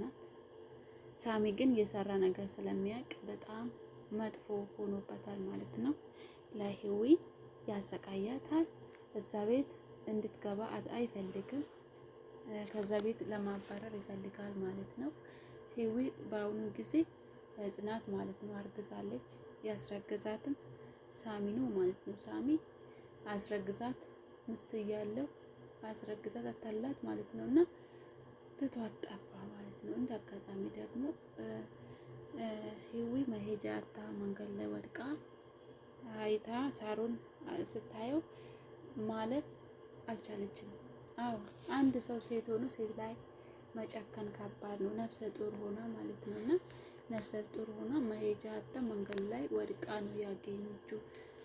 ናት። ሳሚ ግን የሰራ ነገር ስለሚያውቅ በጣም መጥፎ ሆኖበታል ማለት ነው። ለህዊ ያሰቃያታል። እዛ ቤት እንድትገባ አይፈልግም። ከዛ ቤት ለማባረር ይፈልጋል ማለት ነው። ህዊ በአሁኑ ጊዜ ጽናት ማለት ነው አርግዛለች። ያስረግዛትም ሳሚ ነው ማለት ነው። ሳሚ አስረግዛት ምስት እያለው አስረግዛት አታላት ማለት ነው እና ትቷት ማለት ነው። እንደ አጋጣሚ ደግሞ ህዊ መሄጃ አታ መንገድ ላይ ወድቃ አይታ ሳሩን ስታየው ማለፍ አልቻለችም። አዎ አንድ ሰው ሴት ሆኖ ሴት ላይ መጨከን ከባድ ነው። ነፍሰ ጡር ሆና ማለት ነው እና ነፍሰ ጡር ሆና መሄጃ አታ መንገድ ላይ ወድቃ ነው ያገኘችው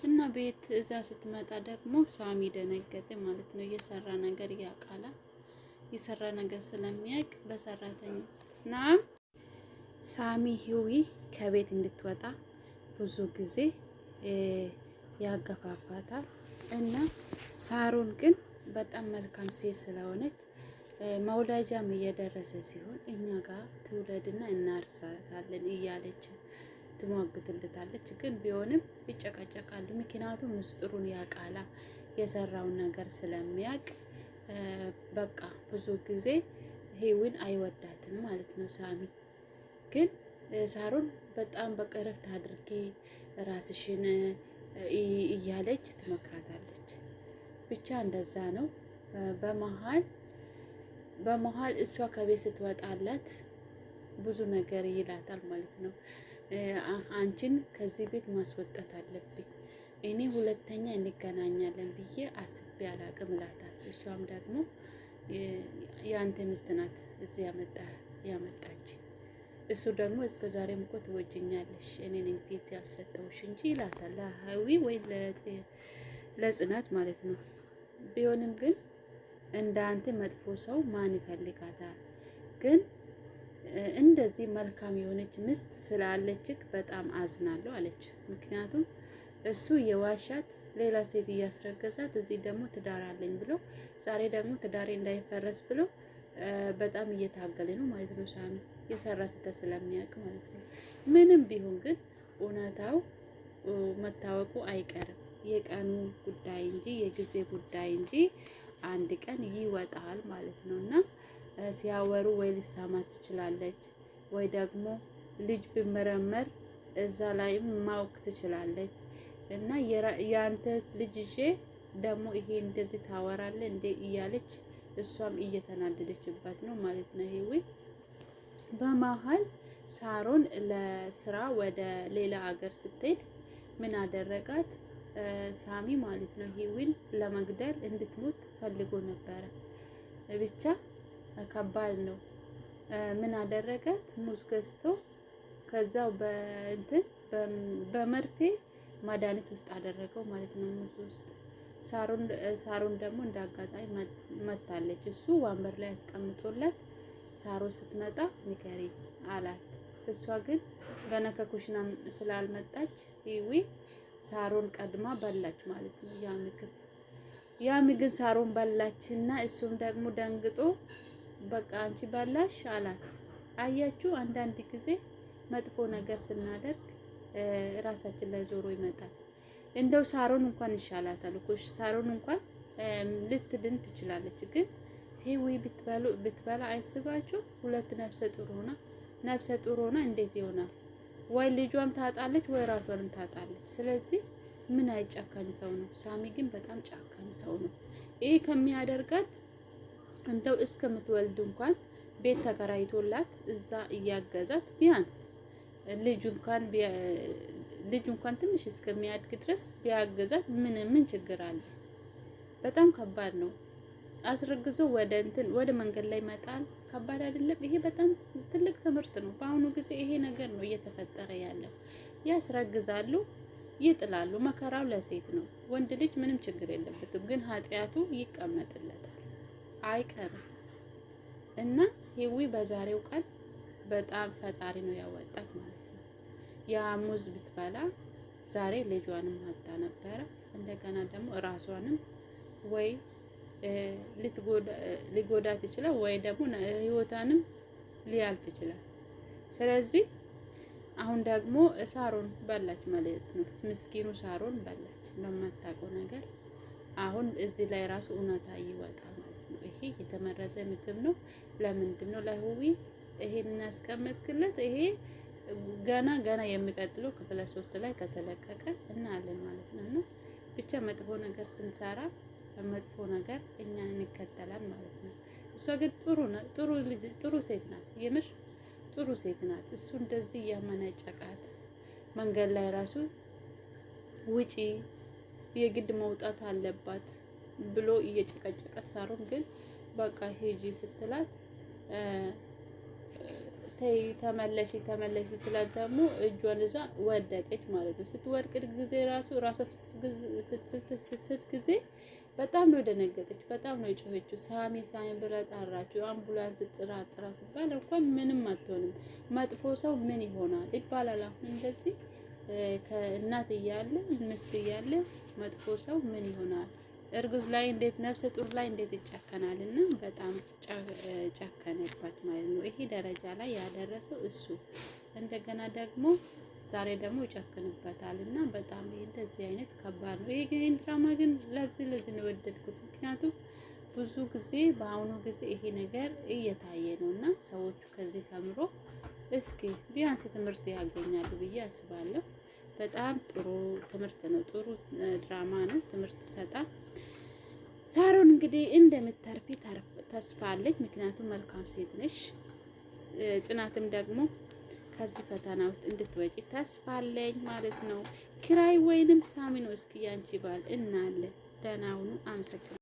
እና ቤት እዛ ስትመጣ ደግሞ ሳሚ ደነገጠ ማለት ነው። እየሰራ ነገር ያቃላ የሰራ ነገር ስለሚያውቅ በሰራተኛ ና ሳሚ ህዊ ከቤት እንድትወጣ ብዙ ጊዜ ያገፋፋታል እና ሳሩን ግን በጣም መልካም ሴት ስለሆነች መውለጃም እየደረሰ ሲሆን እኛ ጋር ትውለድና እናርሳታለን እያለች ትሟግትልታለች። ግን ቢሆንም ይጨቃጨቃሉ። ምክንያቱም ምስጢሩን ያቃላ የሰራውን ነገር ስለሚያውቅ በቃ ብዙ ጊዜ ሂዊን አይወዳትም ማለት ነው ሳሚ። ግን ሳሩን በጣም በቃ እረፍት ራስሽን እያለች ትመክራታለች። ብቻ እንደዛ ነው። በመሀል በመሀል እሷ ከቤት ስትወጣላት ብዙ ነገር ይላታል ማለት ነው። አንቺን ከዚህ ቤት ማስወጣት አለብኝ እኔ ሁለተኛ እንገናኛለን ብዬ አስቤ አላቅም እላታል። እሷም ደግሞ የአንተ ሚስት ናት እዚህ ያመጣች። እሱ ደግሞ እስከ ዛሬም እኮ ትወጅኛለሽ እኔን ፊት ያልሰጠውሽ እንጂ ይላታል። ለሀዊ ወይም ለጽናት ማለት ነው። ቢሆንም ግን እንደ አንተ መጥፎ ሰው ማን ይፈልጋታል? ግን እንደዚህ መልካም የሆነች ሚስት ስላለችክ በጣም አዝናለሁ አለች። ምክንያቱም እሱ የዋሻት ሌላ ሴት እያስረገዛት እዚህ ደግሞ ትዳር አለኝ ብሎ ዛሬ ደግሞ ትዳሬ እንዳይፈረስ ብሎ በጣም እየታገለ ነው ማለት ነው። ሳሚ የሰራ ስህተት ስለሚያውቅ ማለት ነው። ምንም ቢሆን ግን እውነታው መታወቁ አይቀርም። የቀኑ ጉዳይ እንጂ የጊዜ ጉዳይ እንጂ አንድ ቀን ይወጣል ማለት ነው። እና ሲያወሩ ወይ ልሰማ ትችላለች ወይ ደግሞ ልጅ ብመረመር እዛ ላይም ማወቅ ትችላለች። እና የአንተስ ልጅ ይዤ ደግሞ ይሄ እንደዚህ ታወራለህ እንዴ እያለች እሷም እየተናደደችባት ነው ማለት ነው። ይሄ በመሀል ሳሮን ለስራ ወደ ሌላ ሀገር ስትሄድ ምን አደረጋት ሳሚ ማለት ነው። ሂዊን ለመግደል እንድትሞት ፈልጎ ነበረ። ብቻ ከባድ ነው። ምን አደረጋት? ሙዝ ገዝቶ ከዛው በእንትን በመርፌ መድኃኒት ውስጥ አደረገው ማለት ነው ሙዝ ውስጥ። ሳሮን ደግሞ እንደ አጋጣሚ መታለች። እሱ ወንበር ላይ አስቀምጦለት ሳሩ ስትመጣ ንገሪ አላት። እሷ ግን ገና ከኩሽና ስላልመጣች ሂዊ ሳሮን ቀድማ በላች ማለት ነው ያ ምግብ ያ ምግብ ሳሮን በላች እና እሱም ደግሞ ደንግጦ በቃ አንቺ በላሽ አላት። አያችሁ አንዳንድ ጊዜ መጥፎ ነገር ስናደርግ ራሳችን ላይ ዞሮ ይመጣል። እንደው ሳሮን እንኳን ይሻላታል እኮ ሳሮን እንኳን ልትድን ትችላለች። ግን ብትበሉ ብትበላ አይስባችሁ። ሁለት ነፍሰ ጡር ሆና ነፍሰ ጡር ሆና እንዴት ይሆናል? ወይ ልጇም ታጣለች፣ ወይ ራሷንም ታጣለች። ስለዚህ ምን አይጨካኝ ሰው ነው። ሳሚ ግን በጣም ጨካኝ ሰው ነው። ይሄ ከሚያደርጋት እንደው እስከምትወልድ እንኳን ቤት ተከራይቶላት እዛ እያገዛት ቢያንስ ልጁ እንኳን ልጁ እንኳን ትንሽ እስከሚያድግ ድረስ ቢያገዛት ምን ምን ችግር አለ? በጣም ከባድ ነው። አስረግዞ ወደ እንትን ወደ መንገድ ላይ መጣል ከባድ አይደለም? ይሄ በጣም ትልቅ ትምህርት ነው። በአሁኑ ጊዜ ይሄ ነገር ነው እየተፈጠረ ያለው። ያስረግዛሉ፣ ይጥላሉ። መከራው ለሴት ነው። ወንድ ልጅ ምንም ችግር የለበትም፣ ግን ኃጢአቱ ይቀመጥለታል አይቀርም እና ሄዊ በዛሬው ቃል በጣም ፈጣሪ ነው ያወጣት ማለት ነው። ያ ሙዝ ብትበላ ዛሬ ልጇንም አጣ ነበረ። እንደገና ደግሞ እራሷንም ወይ ሊጎዳት ይችላል፣ ወይ ደግሞ ህይወቷንም ሊያልፍ ይችላል። ስለዚህ አሁን ደግሞ ሳሮን በላች ማለት ነው። ምስኪኑ ሳሮን በላች በማታውቀው ነገር። አሁን እዚህ ላይ ራሱ እውነታ ይወጣል ማለት ነው። ይሄ የተመረዘ ምግብ ነው። ለምንድን ነው ለህዊ ይሄ የምናስቀመጥክለት ይሄ ገና ገና የሚቀጥለው ክፍለ ሶስት ላይ ከተለቀቀ እናያለን ማለት ነው። እና ብቻ መጥፎ ነገር ስንሰራ መጥፎ ነገር እኛ እንከተላል ማለት ነው። እሷ ግን ጥሩ ጥሩ ልጅ ጥሩ ሴት ናት፣ የምር ጥሩ ሴት ናት። እሱ እንደዚህ እያመናጨቃት መንገድ ላይ ራሱ ውጪ የግድ መውጣት አለባት ብሎ እየጨቀጨቀት ሳሩን ግን በቃ ሄጂ ስትላት ተይ ተመለሽ ተመለሽ ስትላት ደግሞ እጇን እዛ ወደቀች ማለት ነው። ስትወድቅ ጊዜ ራሱ ራሷ ስትስት ጊዜ በጣም ነው ደነገጠች፣ በጣም ነው የጮኸችው። ሳሚ ሳሚ ብላ ጠራችው። አምቡላንስ ጥራ ጥራ ሲባል እንኳን ምንም አትሆንም። መጥፎ ሰው ምን ይሆናል ይባላል። አሁን እንደዚህ ከእናት እያለ ምስት እያለ መጥፎ ሰው ምን ይሆናል? እርጉዝ ላይ እንዴት ነፍሰ ጡር ላይ እንዴት ይጨከናል? እና በጣም ጨከነባት ማለት ነው። ይሄ ደረጃ ላይ ያደረሰው እሱ እንደገና ደግሞ ዛሬ ደግሞ ይጨክንበታል እና በጣም ይሄ እንደዚህ አይነት ከባድ ነው። ይሄ ግን ድራማ ግን ለዚህ ለዚህ ነው ወደድኩት፣ ምክንያቱም ብዙ ጊዜ በአሁኑ ጊዜ ይሄ ነገር እየታየ ነው እና ሰዎቹ ከዚህ ተምሮ እስኪ ቢያንስ ትምህርት ያገኛሉ ብዬ አስባለሁ። በጣም ጥሩ ትምህርት ነው። ጥሩ ድራማ ነው። ትምህርት ይሰጣል። ሳሮን እንግዲህ እንደምታርፊ ተስፋለች። ምክንያቱም መልካም ሴት ነሽ። ጽናትም ደግሞ ከዚህ ፈተና ውስጥ እንድትወጪ ተስፋለኝ ማለት ነው። ክራይ ወይንም ሳሚ እስኪ ያንቺ ባል እናለ ደህና ሁኑ። አመሰግናለሁ።